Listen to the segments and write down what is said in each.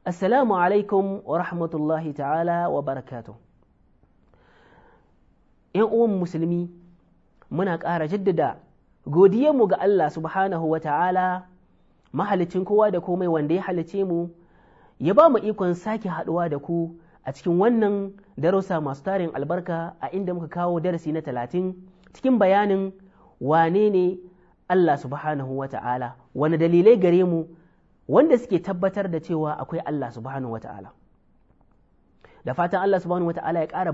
Assalamu alaikum wa rahmatullahi ta'ala wa barakatu. ‘Yan uwan musulmi, muna ƙara jaddada mu ga Allah subhanahu wa ta'ala, mahalicin kowa da komai wanda ya halice mu, ya ba mu ikon sake haɗuwa da ku a cikin wannan darussa masu tarin albarka a inda muka kawo darasi na talatin cikin bayanin wane ne Allah subhanahu wa ta'ala, wani dalilai gare mu wanda suke tabbatar da cewa akwai Allah subhanahu wata'ala da fatan Allah subhanahu wata'ala ya ƙara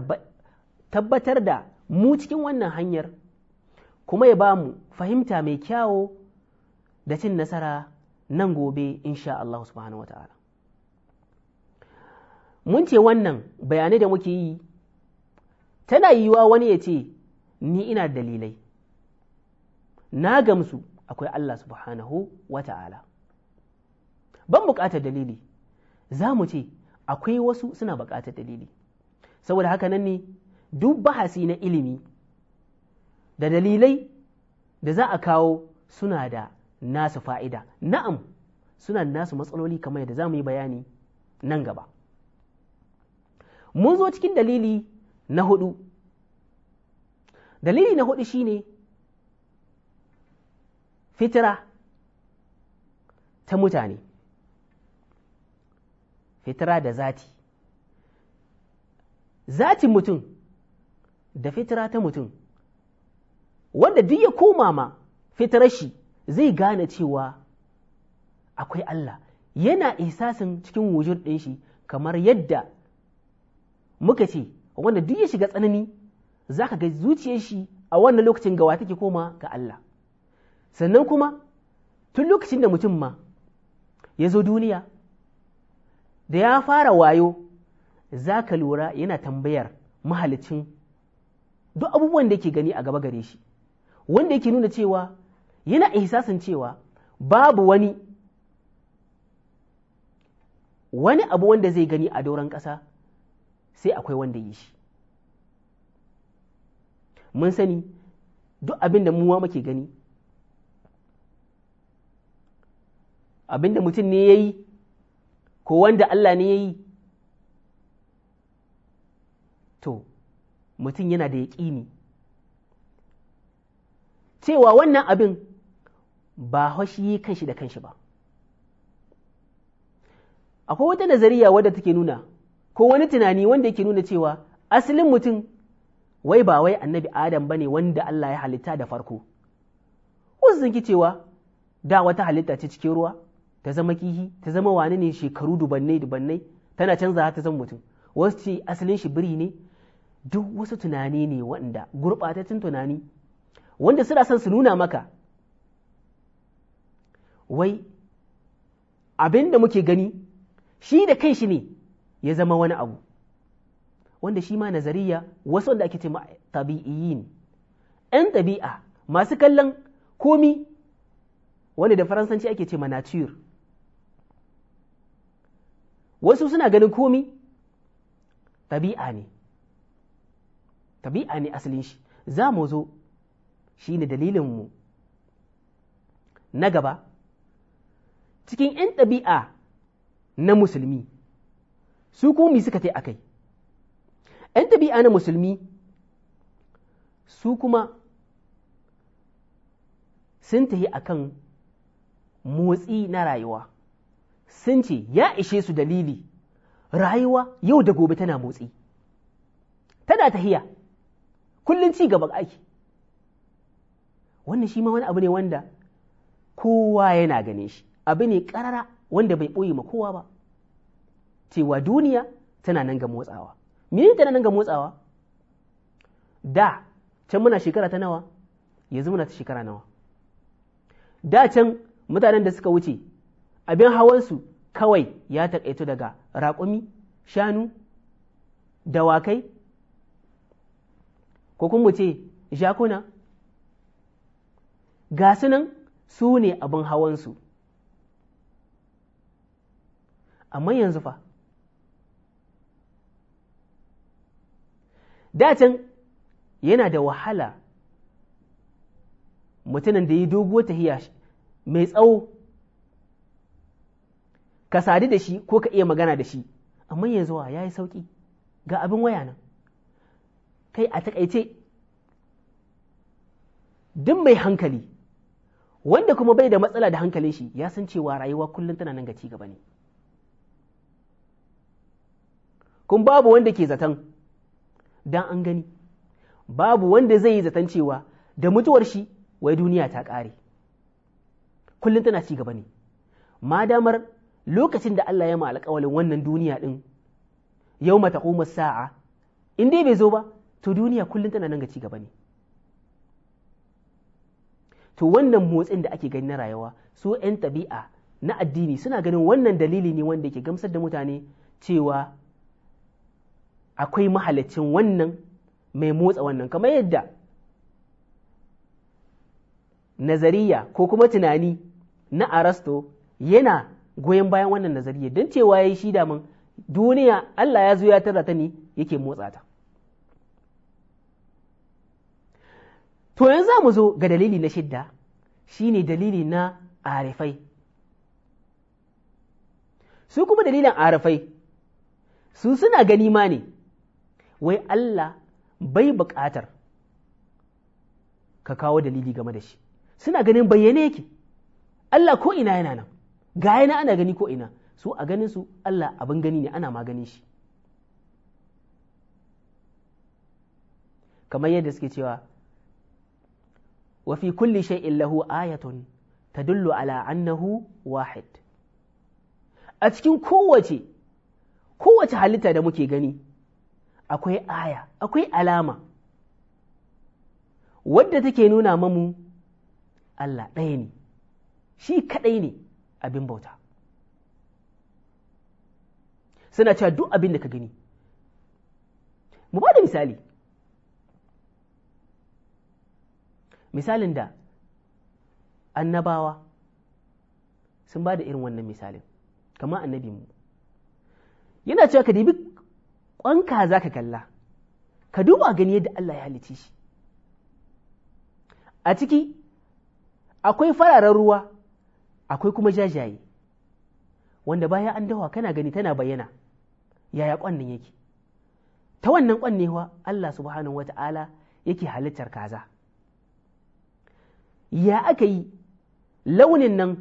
tabbatar da mu cikin wannan hanyar kuma ya ba mu fahimta mai kyawo da cin nasara nan gobe insha Allah subhanahu wata'ala mun ce wannan bayanai da muke yi tana yiwuwa wani ya ce ni ina dalilai na gamsu akwai Allah subhanahu wata'ala ban buƙatar dalili za mu ce akwai wasu suna buƙatar dalili saboda haka nan ne duk bahasi na ilimi da dalilai da za a kawo suna da nasu fa'ida na'am suna da nasu matsaloli kamar yadda za mu yi bayani nan gaba mun zo cikin dalili na hudu dalili na hudu shine fitira ta mutane fitira da zati zati mutum da fitira ta mutum wanda duk ya koma ma fitirar shi zai gane cewa akwai Allah yana isasin cikin wujur ɗin shi kamar yadda muka ce wanda duk ya shiga tsanani za ka ga zuciyar shi a wannan lokacin gawa take koma ga Allah sannan kuma tun lokacin da mutum ma ya zo duniya da ya fara wayo za ka lura yana tambayar mahalicin duk abubuwan da yake gani a gaba gare shi wanda yake nuna cewa yana ihsasin cewa babu wani wani abu wanda zai gani a doron ƙasa sai akwai wanda yi shi mun sani duk abin da muwa muke gani abin da mutum ne ya yi ko wanda Allah ne ya yi to mutum yana da yaƙini cewa wannan abin ba hoshi yi kanshi da kanshi ba akwai wata nazariya wadda take nuna ko wani tunani wanda yake nuna cewa asalin mutum wai ba wai annabi adam ba ne wanda Allah ya halitta da farko wasu sun ki cewa da wata halitta ce cikin ruwa ta zama kihi ta zama wani ne shekaru dubannai dubannai tana canza ta zama mutum wasu ce asalin shi biri ne duk wasu tunani ne wanda gurɓatattun tunani wanda suna son su nuna maka wai abin da muke gani shi da kai shi ne ya zama wani abu wanda shi ma nazariya wasu wanda ake ce tabi'iyin ‘yan tabi'a masu kallon komi wanda da faransanci ake ce ma nature wasu suna ganin komi ɗabi'a ne ɗabi'a ne asalin shi za mu zo shi ne dalilinmu na gaba cikin 'yan ɗabi'a na musulmi su komi suka tai akai 'yan ɗabi'a na musulmi su kuma sun tahi akan motsi na rayuwa sun ce ya ishe su dalili rayuwa yau da gobe tana motsi tana tahiya kullum ci gaba aiki. wannan shi ma wani abu ne wanda kowa yana ganin shi abu ne karara wanda bai ɓoye ma kowa ba cewa duniya tana nan ga motsawa mini tana nan ga motsawa da can muna shekara ta nawa yanzu muna ta shekara nawa da can mutanen da suka wuce abin hawansu kawai ya taƙaito daga raƙumi shanu dawakai ko kuma ce jakuna ga su nan su ne abin hawansu amma yanzu fa dacin yana da wahala mutumin da yi ta tahiya mai tsawo ka sadu da shi ko ka iya magana da shi amma yanzu wa ya yi sauƙi ga abin waya nan kai a taƙaice duk mai hankali wanda kuma bai da matsala da hankalin shi ya san cewa rayuwa kullum tana nan ga ci gaba ne kun babu wanda ke zaton dan an gani babu wanda zai yi zaton cewa da mutuwar shi wai duniya ta ƙare kullum tana ci gaba ne ma damar lokacin da Allah ya ma alƙawalin wannan duniya ɗin yau mata sa'a in dai bai zo ba to duniya kullum tana nan ga ci gaba ne to wannan motsin da ake gani na rayuwa su 'yan tabi'a na addini suna ganin wannan dalili ne wanda ke gamsar da mutane cewa akwai mahalicin wannan mai motsa wannan kamar yadda nazariya ko kuma tunani na arasto yana goyon bayan wannan nazariya don cewa ya yi shi damin duniya Allah ya zo ya tara ta ne yake motsa ta. To yanzu za mu zo ga dalili na shidda shi ne dalili na arifai. Su kuma dalilin arifai, su suna gani ma ne, wai Allah bai buƙatar ka kawo dalili game da shi, suna ganin bayyane yake, Allah ko ina yana nan. ga yana ana gani ko ina su a ganin su Allah abin gani ne ana magani shi kamar yadda suke cewa wa fi kulli shay'in lahu ayatun tadullu ala annahu wahid a cikin kowace kowace halitta da muke gani akwai aya akwai alama wadda take nuna mamu Allah ɗaya ne shi kaɗai ne abin bauta suna cewa duk abin da ka gani mu ba da misali misalin da annabawa sun ba da irin wannan misalin kama annabi mu yana cewa ka dibi ƙwanka za ka kalla ka duba gani yadda Allah ya halicci shi a ciki akwai fararen ruwa akwai kuma jajaye wanda baya an dawa kana gani tana bayyana yaya kwannin yake ta wannan kwannewa Allah subhanahu wata'ala yake halittar kaza ya aka yi launin nan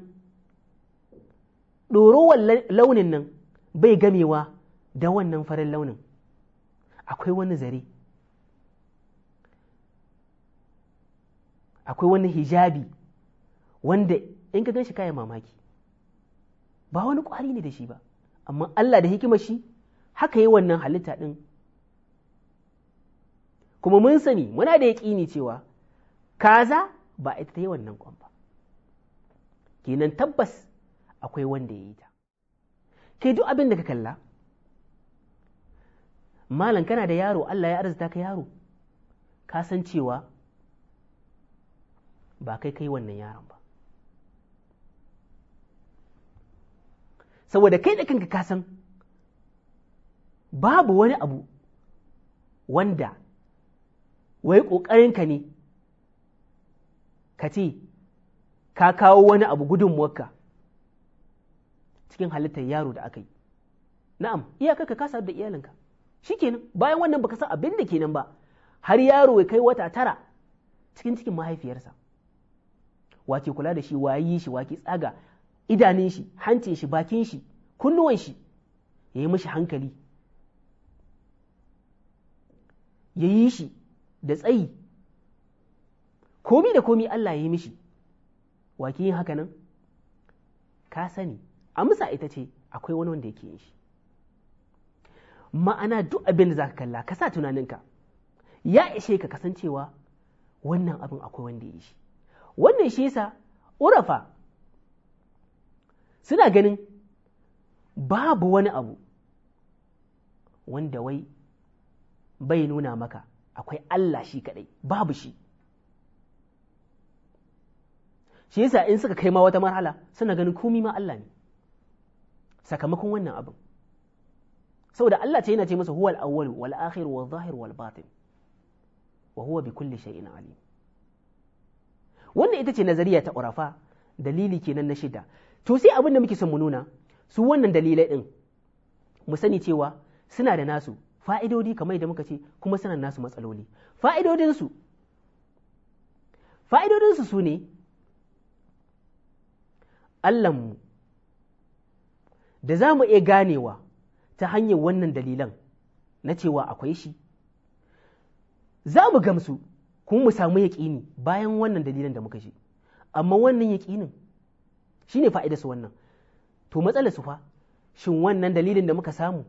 ɗorowar launin nan bai gamewa da wannan farin launin akwai wani zare akwai wani hijabi wanda in ka ganshi kayan mamaki ba wani ƙwari ne da shi ba amma Allah da hikimar shi haka yi wannan halitta ɗin kuma mun sani muna da yaƙini cewa kaza ba ita ta yi wannan ƙwan ba kenan tabbas akwai wanda ya yi ta ke duk abin da ka kalla malam kana da yaro Allah ya arzita ka yaro ka san cewa ba kai kai wannan yaron ba saboda kai da kanka ka san babu wani abu wanda wai ƙoƙarinka ne ka ce ka kawo wani abu gudunmuwarka cikin halittar yaro da aka yi na'am iyakar ka kasa da iyalinka shikenan bayan wannan baka san abin da kenan ba har yaro ya kai wata tara cikin cikin mahaifiyarsa wake kula da shi waye yi shi wake tsaga idanun shi hancin shi bakin shi kunnuwan shi ya yi mashi hankali ya yi shi da tsayi komi da komi Allah ya yi mishi waki yin haka nan ka sani amsa ita ce akwai wani wanda yake yin shi ma'ana duk abin da za ka kalla ka sa tunaninka ya ishe ka kasancewa wannan abin akwai wanda ya yi shi wannan shi yasa urafa suna ganin babu wani abu wanda wai bai nuna maka akwai Allah shi kadai babu shi shi yasa in suka kai ma wata marhala suna ganin komi ma Allah ne sakamakon wannan abu saboda Allah ce yana ce masa huwal awwal wal akhir wal zahir wal batin wa huwa bi kulli shay'in alim wannan ita ce nazariya ta urafa dalili kenan na shida to sai abin da muke son mu nuna su wannan dalilai ɗin mu sani cewa suna da nasu fa'idodi kamar da muka ce kuma suna nasu matsaloli fa'idodinsu fa'idodinsu su ne mu, da za mu iya ganewa ta hanyar wannan dalilan na cewa akwai shi za mu gamsu kuma mu samu yaƙini bayan wannan dalilan da muka ce amma wannan yaƙinin shine fa'ida su wannan to matsala su fa shin wannan dalilin da muka samu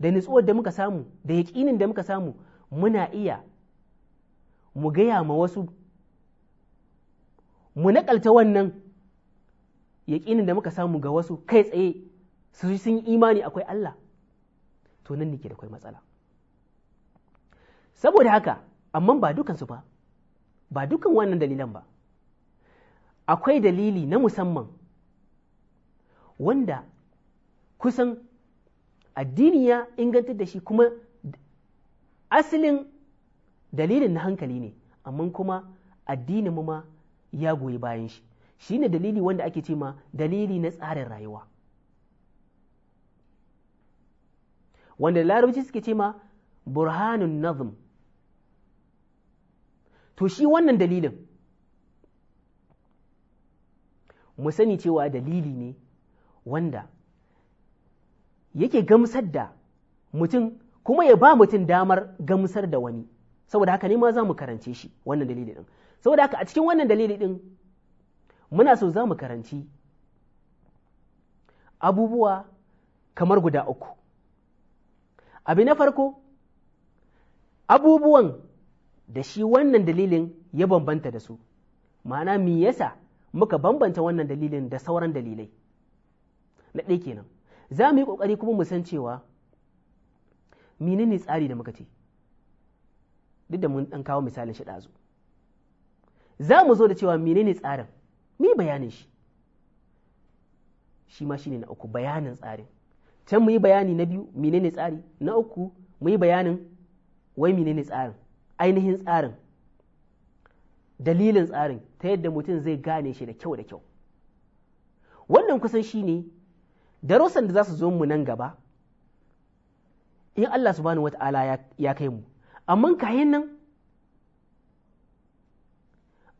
da nutsuwar da muka samu da yaƙinin da muka samu muna iya mu gaya ma wasu mu naƙalta wannan yaƙinin da muka samu ga wasu kai tsaye su sun imani akwai Allah to nan nake da kwai matsala saboda haka amma ba dukansu ba ba dukan wannan dalilan ba akwai dalili na musamman wanda kusan addini ya inganta da shi kuma asalin dalilin na hankali ne amma kuma addini ma ya goyi bayan shi shi ne dalili wanda ake ce ma dalili na tsarin rayuwa wanda larabci suke ce ma burhanun nazm to shi wannan dalilin mu sani cewa dalili ne wanda yake gamsar da mutum kuma ya ba mutum damar gamsar da wani saboda haka ne ma za mu karance shi wannan dalili din saboda haka a cikin wannan dalili din muna so za mu karanci abubuwa kamar guda uku abu na farko abubuwan da shi wannan dalilin ya bambanta da su ma'ana me yasa muka bambanta wannan dalilin da sauran dalilai na ɗaya kenan za mu yi ƙoƙari kuma mu san cewa menene tsari da muka ce duk da mun ɗan kawo misalin shi ɗazu za mu zo da cewa menene tsarin mi bayanin shi shi ma ne na uku bayanin tsarin can mu yi bayani na biyu menene tsari na uku mu yi bayanin wai menene tsarin ainihin tsarin dalilin tsarin ta yadda mutum zai gane shi da kyau da kyau wannan kusan shi ne darussan da za su zo mu nan gaba in Allah subhanahu ta'ala ya kai mu amma kayan nan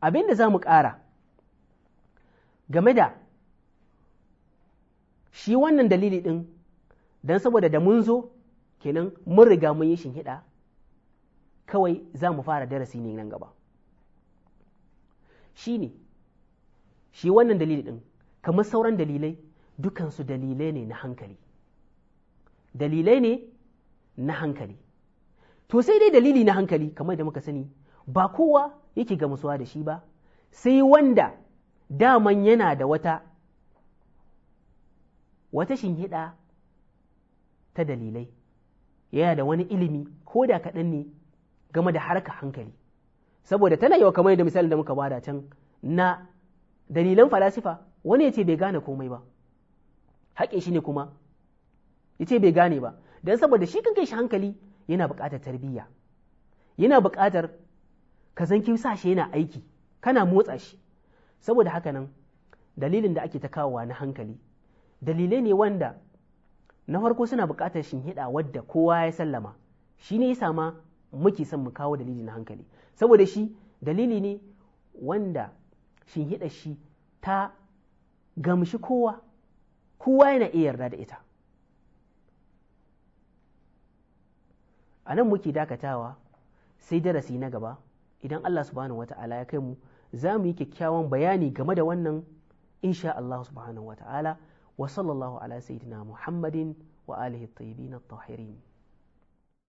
abin da za mu ƙara game da shi wannan dalili ɗin don saboda da mun zo kenan mun riga mun yi shinhiɗa kawai za mu fara darasi ne nan gaba shi ne shi wannan dalili ɗin kamar sauran dalilai dukansu dalilai ne na hankali dalilai ne na hankali to sai dai dalili na hankali kamar da muka sani ba kowa yake gamsuwa da shi ba sai wanda daman yana da wata wata shinhiɗa ta dalilai yana da wani ilimi ko da kaɗan ne game da harka hankali saboda tana yawa kamar da misalin da muka bada can na dalilan falasifa wani ya ce bai gane komai ba haƙe shi ne kuma ya ce bai gane ba don saboda shi kan shi hankali yana buƙatar tarbiyya yana buƙatar ka san kin sa shi yana aiki kana motsa shi saboda haka nan dalilin da ake ta kawowa na hankali dalilai ne wanda na farko suna buƙatar hiɗa wadda kowa ya sallama shi ne ya sama muke son mu kawo dalili na hankali saboda shi dalili ne wanda shinhiɗa shi ta gamshi kowa kowa yana iya yarda da ita a nan muke dakatawa sai darasi na gaba idan Allah subhanahu wata'ala ya kai mu za mu yi kyakkyawan bayani game da wannan insha Allah subhanahu wata'ala wa sallallahu ala sayyidina Muhammadin wa alihi tayyibina tayyibin tahirin